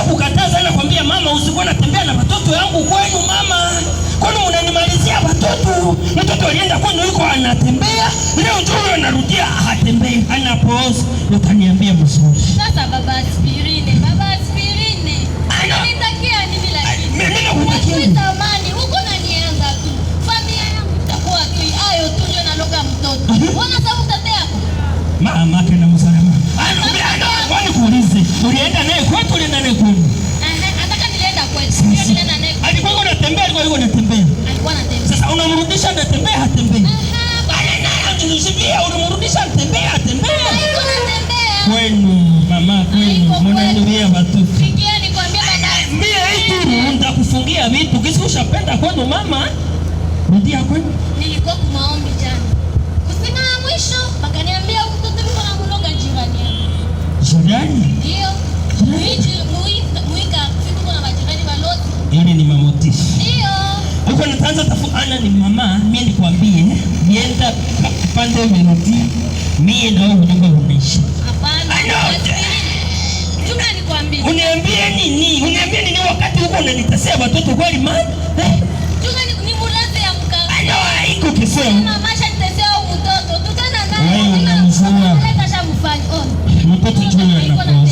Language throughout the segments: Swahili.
kukataza na kwambia mama, usikuwa natembea na watoto yangu kwenu. Mama, kwani mnanimalizia watoto? Mtoto alienda kwenu yuko anatembea, leo njoo anarudia hatembei, Ana pause Utaniambia mzuri. Sasa baba aspirine, baba aspirine, nitakia nini lakini mimi nakutakia mnanishibia, unimrudisha tembea tembea kwenu mama kwenu, mnaniambia watufu mie nitakufungia vitu kisi kwenu mama, rudia kwenu. Nilikuwa kwa maombi jana, kusema la mwisho, wakaniambia kuloga jirani yangu. Jirani ndio muika siku na majirani waloti, ili yaani ni mamotisha hapo nataanza tafuana ni mama, mimi nikwambie, nienda kupande melodi, mimi na wewe unaenda Uniambie nini? Uniambie nini wakati huko unanitetea watoto kweli maana? Eh? Tuna ni mulaze ya mkaka. Ana haiko kisema. Mama wa mtoto. Tutana naye. Wewe unamzua. Kasha mfanye. Oh. Mtoto tuna na.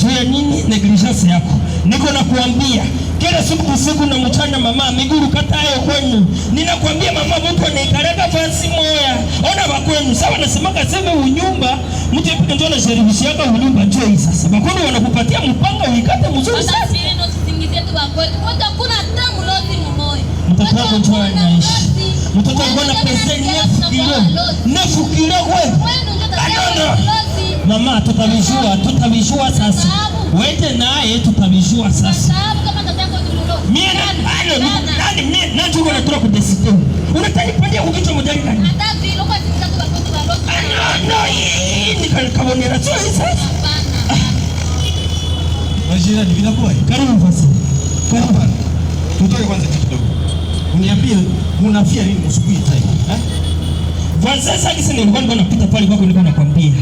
Jua nini negligence yako? Niko nakuambia kila siku usiku na mchana, mama miguru katayo kwenu. Ninakwambia mama, mtu anaikaraka fansi moya ona kwenu sawa. Nasemaka seme unyumba mtu epike ndio yaka unyumba juu hii. Sasa bakoni wanakupatia mpanga uikate mzuri sasa mtoto ndio anaishi mtoto mbona pesa nefu kilo nefu kilo wewe, mama, tutavijua tutavijua sasa wende naye tukabijua sasa. Yaani Natugonatula kani ah, Tutoke kwanza kidogo. Uniambie unafia nini usibuhi time? Eh? Kwanza sasa nilikuwa napita pale kwako nilikuwa nakwambia.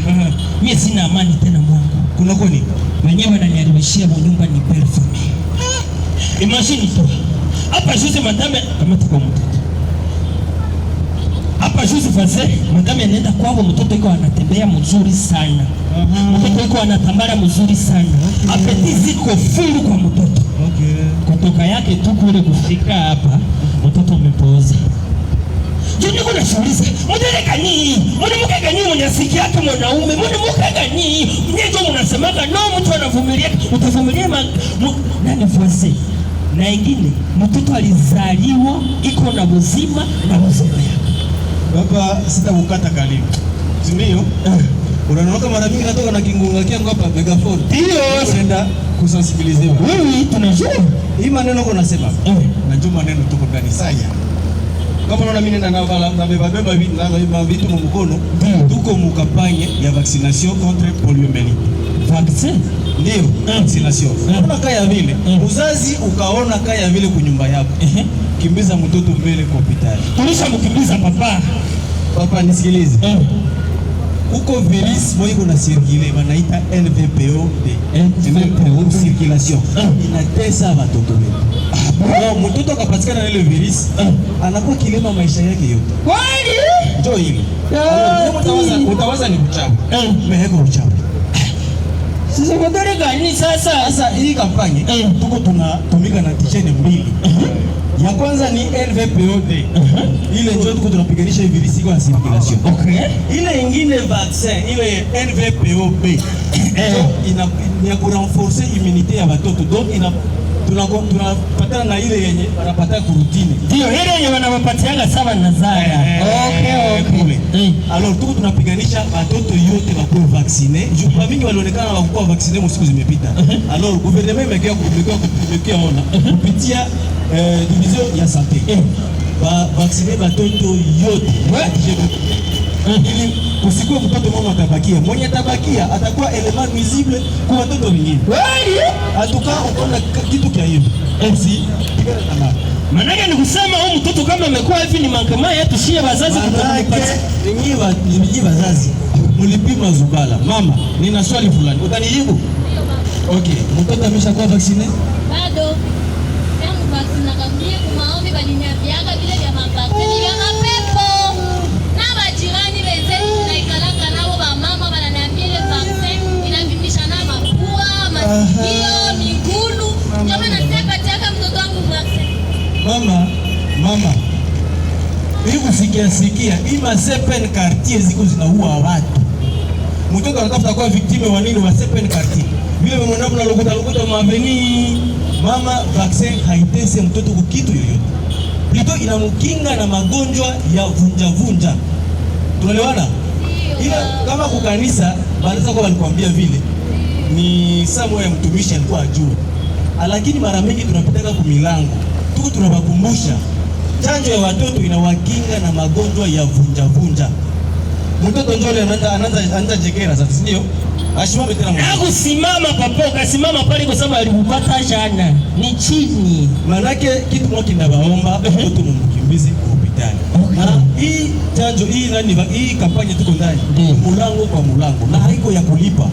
Mimi sina amani tena Mungu. Kuna kwani? wenyewe wananiharibishia manyumba ni perfume. Imagine tu. Hapa juzi madame kamata kwa mtoto. Hapa juzi faze madame anaenda kwao, mtoto iko anatembea mzuri sana. Mtoto iko anatambara mzuri sana. Apeti ziko fulu kwa mtoto. Okay. Kutoka yake tu kule kufika hapa mtoto umepoza. Junduko nashauliza mujereka nii mwanamke gani mwenyasiki yake mwanaume mwanamke gani mnyejo mnasemaga no mtu anavumilia utavumilia nani voice na ingine mtoto alizaliwa iko na uzima na uzima yake. Baba, sitakukata karibu, si ndio? Eh. Unaondoka mara mingi natoka na kingunga kiangu hapa megafoni. Ndio, unaenda kusensibilizewa. Wewe tunajua. Hii maneno unasema. Eh. Najua maneno tuko ndani. Sasa kama unaona mimi nabebabeba vitu mu mkono, tuko mu kampanye ya vaccination contre poliomyelite. Vaccine ndio vaccination. Unaona kaya vile uzazi ukaona kaya vile kunyumba yako, kimbiza mtoto mbele kwa hospitali. Tulishamkimbiza papa. Papa nisikilize uko virus moiko na sirkule banaita LVPO de NVPO circulation ah. inatesa watoto wetu. Mtoto akapatikana na ile virus ah. ah, anakuwa kilema maisha yake yote. Kweli? Ndio hili. Utawaza ni uchawi. Meheko uchawi. Sekondari gani sasa? Sasa hii kampanye eh, tuko tunatumika na dijene mbili uh-huh. ya kwanza ni LVPOD uh-huh. ile ndio tuko tunapiganisha hivi visiko ya circulation. Okay. Ile nyingine vaccin ile LVPOB eh, ina, ina kurenforcer immunite ya watoto donc ina tunapatana na ile yenye wanapata kurutini, ndio ile yenye wanawapatiaga sawa na zaya. Eh, eh, okay, eh, okay. Alors tuko tunapiganisha watoto yote wakuwe vaccine, juu kwa mingi walionekana hawakuwa vaccine msiku zimepita. Alors gouvernement imekea kumekea kumekea ona kupitia division ya santé ba vaccine watoto yote ili kusikuwe mtoto mama atabakia, mwenye tabakia atakuwa eleman nuisible kwa watoto wengine. Atuka ukona kitu kia hivi na tigana Manake ni kusema huyu mtoto kama amekuwa hivi ni mankama yetu shie wazazi kutampatia. Ninyi ninyi wazazi mlipima zubala. Mama, nina swali fulani. Utanijibu? Okay, mtoto ameshakuwa vaccine? Bado. Tangu vaccine akamjia kumaombi baliniambiaga vile vya mapatani. kusikiasikia ima sepen quartier ziko zinaua watu, mtoto anatafuta kwa viktime wa nini? Wa sepen kartie vile mwanadamu nalokuta lokuta maveni mama vaccin haitese mtoto kukitu yoyote, plito inamukinga na magonjwa ya vunjavunja. Tunaelewana? Ila kama kukanisa banaza kwa walikwambia vile ni ya mtumishi alikuwa ajua, lakini mara mingi tunapitaka kumilango tuku tunawakumbusha Chanjo ya watoto inawakinga na magonjwa ya vunja vunja. Mtoto njole anaanza anaanza anaanza jekera sasa, sio Ashimame tena mwana Haku simama papo, kasimama pale kwa sababu alikupata jana. Ni chini. manake kitu moja kinabaomba mtoto mumkimbizi hospitali. Okay hii chanjo hii nani hii kampanya tuko ndani mulango kwa mulango na haiko ya kulipa.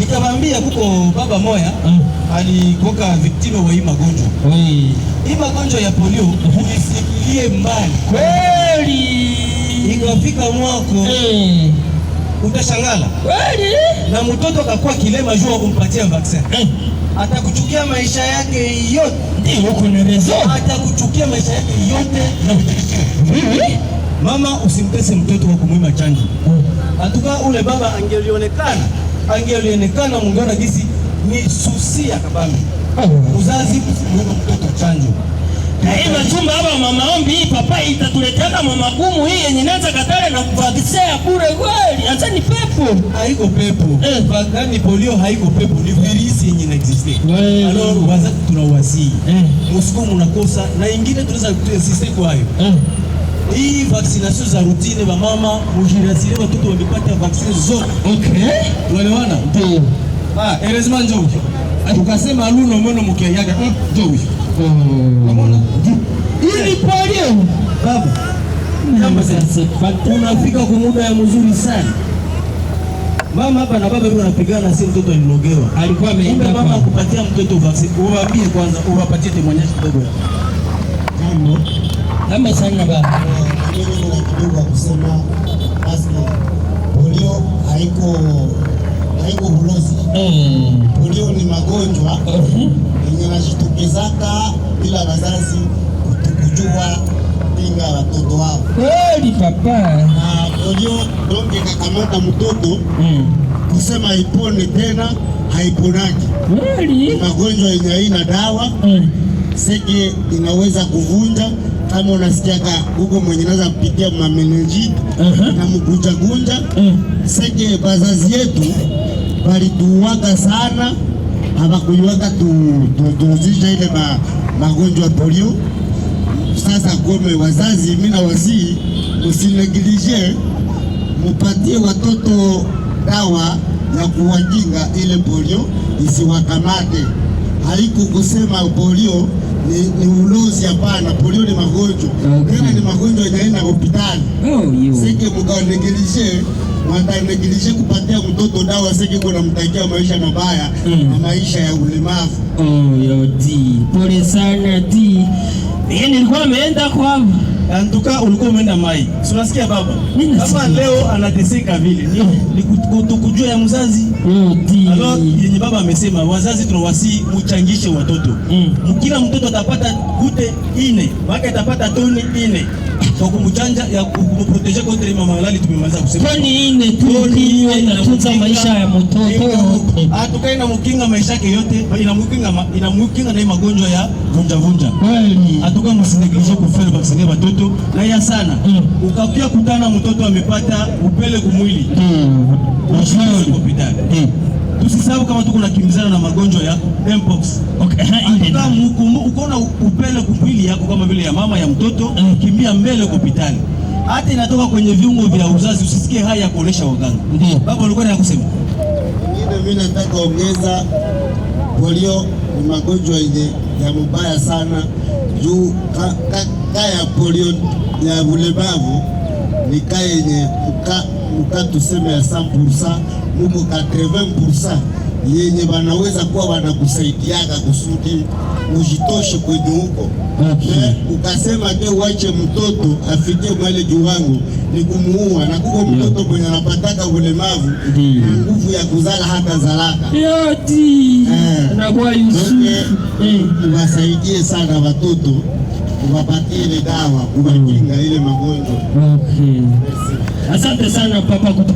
Nikawaambia kuko baba moya mm. alikoka victime wa hii magonjwa hii magonjwa ya polio ulisikilie mbali kweli, ikafika mwako eh. utashangala kweli, na mtoto akakuwa kilema jua kumpatia vaccine eh. atakuchukia maisha yake yote, ndio huko ni rezo, atakuchukia maisha yake yote na Mama usimtese mtoto wa kumwima chanjo. Oh. Atuka ule baba angelionekana, angelionekana mungeona gisi ni susia kabambi. Uzazi kumwima mtoto chanjo. Kaiba chumba hapa mama ombi hii papa itatuletea mama gumu hii yenye nanza katale na kuvakisea bure kweli. Acha ni pepo. Haiko pepo. Eh. Bagani polio haiko pepo ni virusi yenye na existe. Eh. Alo Alors wazazi Eh. Msukumo na ingine tunaweza kutia sisi kwa hiyo. Eh hii vaccination za rutine wa mama mujirasile watoto wamepata vaccine zote. Okay. Walewana? Ndio. Ah, erezima njo njoo. Ah, tukasema luno mwana mkiaga. Ah, njoo huyo. Unaona? Hii ni polio. Baba. Kama sasa unafika kwa muda ya mzuri sana. Mama hapa na baba bado anapigana, si mtoto alilogewa. Alikuwa ameenda kwa mama kupatia mtoto vaccine. Uwaambie kwanza, uwapatie timonyesho kidogo. Jambo namba sana baba. kidogo kusema basi, polio haiko haiko ulozi. Mm. Polio ni magonjwa uh-huh. yenye najitokeza bila wazazi kujua pinga watoto wao. Kweli papa. Na polio donge kakamata mtoto mm. kusema ipone tena haiponaki. Kweli magonjwa yenye haina dawa mm. sege inaweza kuvunja kama unasikiaga huko mwenye naweza kupitia mameneji na mgunjagunja eh. Seke bazazi yetu balituuaga sana, habakuiwaga tuozisha ile magonjwa polio. Sasa kome wazazi, mimi na wasii mupatie watoto dawa ya kuwajinga ile polio isiwakamate. Haiku kusema polio ni, ni uluzi. Hapana, polio ni magonjwa okay. Tena ni magonjwa inaenda hospitali oh, seke mukanegilishe mwatanegilishe kupatia mtoto dawa seke kunamtakia maisha mabaya mm. na maisha ya ulemavu oh, yo, di. pole sana ti, nilikuwa ameenda kwao Antuka ulikuwa umeenda mai, unasikia baba kama leo anateseka vile, ni kutukujua ya mzazi alo yenye baba amesema. Wazazi tunawasi muchangishe watoto, mm. kila mtoto atapata kute ine maka atapata toni ine kwa kumchanja ya kumproteja contre les maladies tumemaliza kusema. Toni ine tu hiyo inatunza maisha ya mtoto wote. Hatukai na mkinga maisha yake yote, inamkinga inamkinga na magonjwa ya vunja vunja. Kweli. Hatukai msindikizo kufeli kwa watoto na ya sana. Mm. Ukakia kutana mtoto amepata upele kumwili. Mm. Mashaka hospitali. Mm sababu kama tuko nakimbizana na magonjwa ya mpox okay. Ukaona upele kupili yako kama vile ya mama ya mtoto, mm. kimbia mbele hospitali, hata inatoka kwenye viungo vya uzazi, usisikie haya ya kuonesha waganga. Ndio baba alikuwa anakusema ingine. Mimi nataka ongeza, polio ni magonjwa yenye ya mubaya sana juu ka, ka, ka ya polio ya ulemavu ni ka yenye mka, tuseme ya 100% mumo 80% yenye wanaweza kuwa wanakusaidiaga kusudi ujitoshe kwenye huko okay. Eh, ukasema ke uache mtoto afikie mali juu wangu ni kumuua na kuko mtoto yeah. Mwenye anapataka ulemavu na nguvu ya kuzala hata zalaka eh, mm. uwasaidie sana watoto uwapatie ile dawa kuwakinga mm. ile magonjwa okay. Asante sana papa kutu.